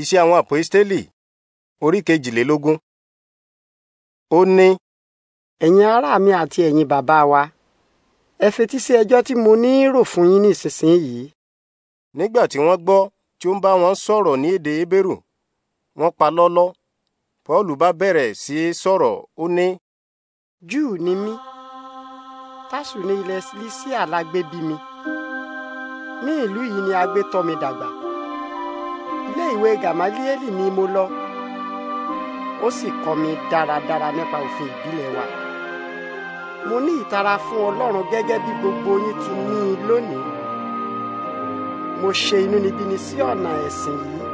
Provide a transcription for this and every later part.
Iṣẹ́ àwọn àpòstélì orí kejìlélógún. Ó ní. Ẹ̀yin ará mi àti ẹ̀yin bàbá wa, ẹ fetí sí ẹjọ́ tí mo ní rò fún yín nísinsìnyí. Nígbà tí wọ́n gbọ́ tí ó ń bá wọn sọ̀rọ̀ ní èdè Hébérù, wọ́n pa lọ́lọ́. Pọ́ọ̀lù bá bẹ̀rẹ̀ sí í sọ̀rọ̀, ó ní. Júù ni mí, Tásù ní ilẹ̀ Silisia la gbé bí mi. Ní ìlú yìí ni a gbé tọ́ mi dàgbà ilé ìwé Gàmálíélì ni mo lọ ó sì kọ́ mi dáradára nípa òfin ìbílẹ̀ wa mo ní ìtara fún Ọlọ́run gẹ́gẹ́ bí gbogbo yín ti ní i lónìí mo ṣe inúnibíni sí ọ̀nà ẹ̀sìn yìí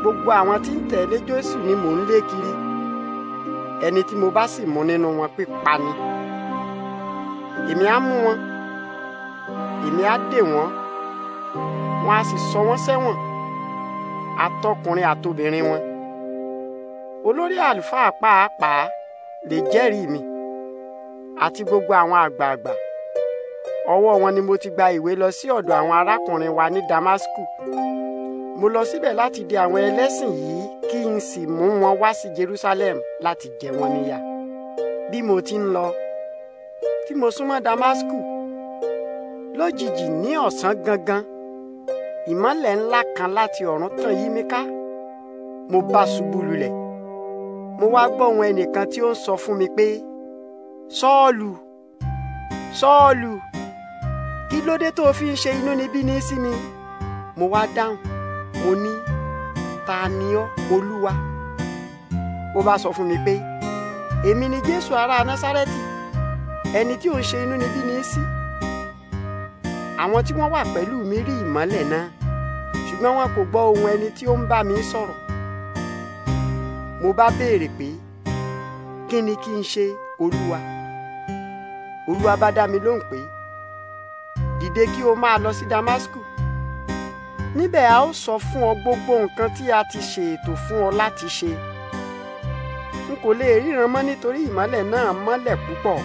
gbogbo àwọn tí ń tẹ̀lé Jésù ni mò ń lé kiri ẹni tí mo bá sì mú nínú wọn pípa ni èmi á mú wọn èmi á dè wọ́n wọ́n á sì sọ wọ́n sẹ́wọ̀n atọkùnrin àtobìnrin wọn olórí àlùfáà pàápàá lè jẹ́rìí mi àti gbogbo àwọn àgbààgbà ọwọ́ wọn ni mo ti gba ìwé lọ sí ọ̀dọ̀ àwọn arákùnrin wa ní Damasku mo lọ síbẹ̀ láti di àwọn ẹlẹ́sìn yìí kí n sì mú wọn wá sí Jerusalem láti jẹ wọn níyà bí mo ti ń lọ tí mo súnmọ́ Damasku lójijì ní ọ̀sán gangan ìmọ́lẹ̀ ńlá kan láti ọ̀run tàn yí mi ká mo bá ṣubú lulẹ̀ mo wá gbọ́ ohùn ẹnìkan tí ó ń sọ fún mi pé sọ́ọ̀lù sọ́ọ̀lù kí ló dé tó fi ń ṣe inúnibíni sí mi mo wá dáhùn mo ní ta ni ọ́ olúwa ó bá sọ fún mi pé èmi ni jésù ará nasareti ẹni tí ò ń ṣe inúnibíni sí àwọn tí wọ́n wà pẹ̀lú mi rí ìmọ́lẹ̀ náà ṣùgbọ́n wọn kò gbọ́ ohùn ẹni tí ó ń bá mi sọ̀rọ̀ mo bá béèrè pé kí ni kí n ṣe olúwa olúwa bá dá mi lóhùn pé dìde kí o máa lọ sí Damasku níbẹ̀ a ó sọ fún ọ gbogbo nǹkan tí a ti ṣètò fún ọ láti ṣe n kò lè ríran mọ́ nítorí ìmọ́lẹ̀ náà mọ́lẹ̀ púpọ̀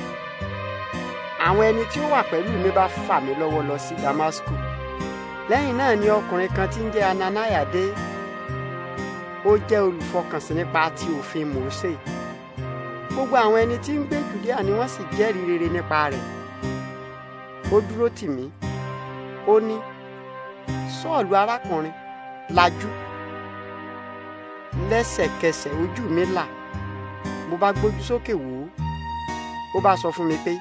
àwọn ẹni tí ó wà pẹ̀lú mi bá fà mí lọ́wọ́ lọ sí Damasku lẹ́yìn náà ni ọkùnrin kan tí ń jẹ́ Ananaya dé ó jẹ́ olùfọkànsìn nípa ti òfin Mósè gbogbo àwọn ẹni tí ń gbé Jùdíà ni wọ́n sì jẹ́rìí rere nípa rẹ̀ ó dúró tì mí ó ní Sọ́ọ̀lù arákùnrin lajú lẹ́sẹ̀kẹsẹ̀ ojú mi là mo bá gbójú sókè wò ó ó bá sọ fún mi pé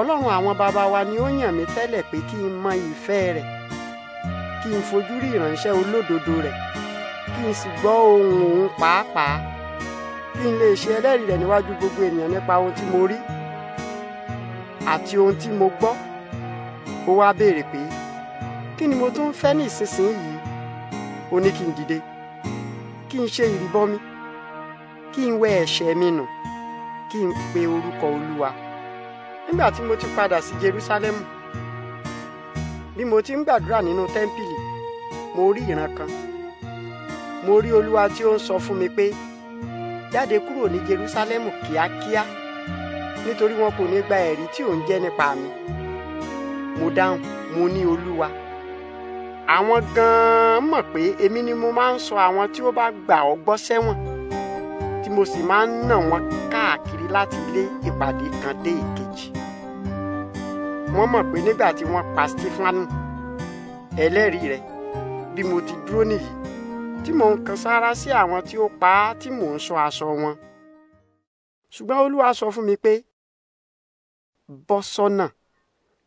ọlọ́run àwọn bàbá wa ni ó yàn mí tẹ́lẹ̀ pé kí n mọ ìfẹ́ rẹ̀ kí n fojú rí ìránṣẹ́ olódodo rẹ̀ kí n sì gbọ́ ohùn òun pàápàá kí n lè ṣe ẹlẹ́rìí rẹ̀ níwájú gbogbo ènìyàn nípa ohun tí mo rí àti ohun tí mo gbọ́ ó wá béèrè pé kí ni mo tún ń fẹ́ ní ìsinsìnyí ó ní kí n dìde kí n ṣe ìrìbọmi kí n wẹ ẹ̀ṣẹ̀ mi nù kí n pe orúkọ olúwa nígbà tí mo ti padà sí Jerúsálẹ́mù bí mo ti ń gbàdúrà nínú tẹ́ḿpìlì mo rí ìran kan mo rí Olúwa tí ó ń sọ fún mi pé jáde kúrò ní Jerúsálẹ́mù kíákíá nítorí wọn kò ní gba ẹ̀rí tí ò jẹ́ nípa mi mo dáhùn mo ní Olúwa àwọn gan-an mọ̀ pé èmi ni mo máa ń sọ àwọn tí ó bá gbà ọ́ gbọ́ sẹ́wọ̀n tí mo sì máa ń nà wọ́n láti lé ìpàdé kan dé ìkejì wọ́n mọ̀ pé nígbà tí wọ́n pa Stefanu ẹlẹ́rìí rẹ̀ bí mo ti dúró nìyí tí mò ń kan sára sí àwọn tí ó pa á tí mò ń sọ aṣọ wọn ṣùgbọ́n Olúwa sọ fún mi pé bọ́ sọ́nà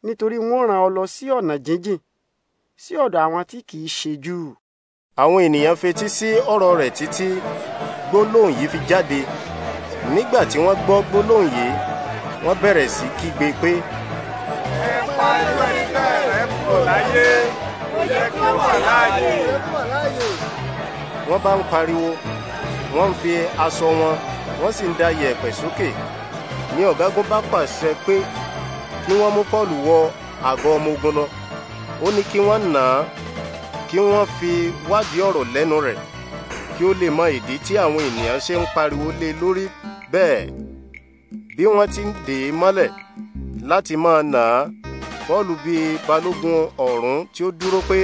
nítorí wọ́n rán ọ lọ sí ọ̀nà jíjìn sí ọ̀dọ̀ àwọn tí kì í ṣe Júù. àwọn ènìyàn fetí sí ọ̀rọ̀ rẹ̀ títí gbólóhùn yìí fi jáde nígbà tí wọ́n gbọ́ gbólóhùn yìí wọ́n bẹ̀rẹ̀ sí kígbe pé. ẹ pa irú ẹnikẹ́ rẹ̀ kúrò láyé ó yẹ kí ó wà láàyè. wọ́n bá ń pariwo wọ́n ń fi aṣọ wọn wọ́n sì ń da yẹ̀pẹ̀ sókè ni ọ̀gágun bá pàṣẹ pé kí wọ́n mú Pọ́ọ̀lù wọ àgọ́ ọmọ ogun lọ ó ní kí wọ́n nà á kí wọ́n fi wádìí ọ̀rọ̀ lẹ́nu rẹ̀ kí ó lè mọ ìdí tí àwọn ènìyàn ṣe ń pariwo lé e lórí bẹ́ẹ̀ bí wọ́n ti ń dè é mọ́lẹ̀ láti máa nà á bọ́ọ̀lù bíi balógun ọ̀rún tí ó dúró pé.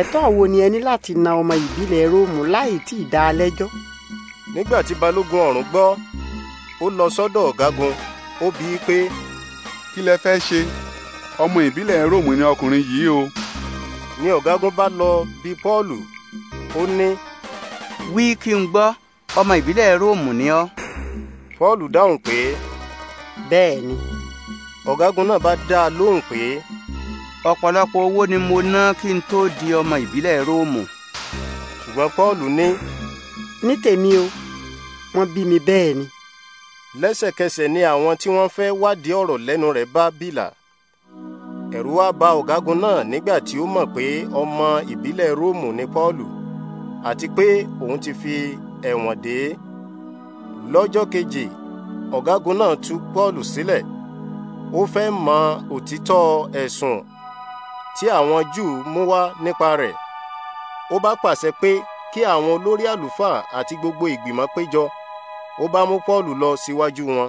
ẹ̀tọ́ wo ni ẹ ní láti na ọmọ ìbílẹ̀ Róòmù láì tí ì dá a lẹ́jọ́. nígbà tí balógun ọ̀rún gbọ́ ó lọ sọ́dọ̀ ọ̀gágun ó bi í pé. kí lẹ fẹ́ ṣe ọmọ ìbílẹ̀ Róòmù ni ọkùnrin yìí o. ni ọ̀gágun bá lọ bí Pọ́ọ̀lù ó ní. wí kí n gbọ́ ọmọ ìbílẹ̀ Róòmù ni ọ́. Paulu, dáhùn pé. bẹ́ẹ̀ ni. ọ̀gágun náà bá dá a lóhùn pé. ọ̀pọ̀lọpọ̀ owó ni mo ná kí n tó di ọmọ ìbílẹ̀ Róòmù. ṣùgbọ́n Pọ́ọ̀lù ní. ní tèmi o wọ́n bí mi bẹ́ẹ̀ ni. lẹ́sẹ̀kẹsẹ̀ ni àwọn tí wọ́n fẹ́ wádìí ọ̀rọ̀ lẹ́nu rẹ̀ bá bìlà ẹ̀rù wá bà ọ̀gágun náà nígbà tí ó mọ̀ pé ọmọ ìbílẹ̀ Róòmù ni Pọ́ọ̀lù àti pé òun ti fi ẹ̀wọ̀n dé lọ́jọ́ kejì ọ̀gágun náà tú Pọ́ọ̀lù sílẹ̀ ó fẹ́ mọ òtítọ́ ẹ̀sùn tí àwọn Júù mú wá nípa rẹ̀ ó bá pàṣẹ pé kí àwọn olórí àlùfáà àti gbogbo ìgbìmọ̀ péjọ ó bá mú Pọ́ọ̀lù lọ síwájú wọn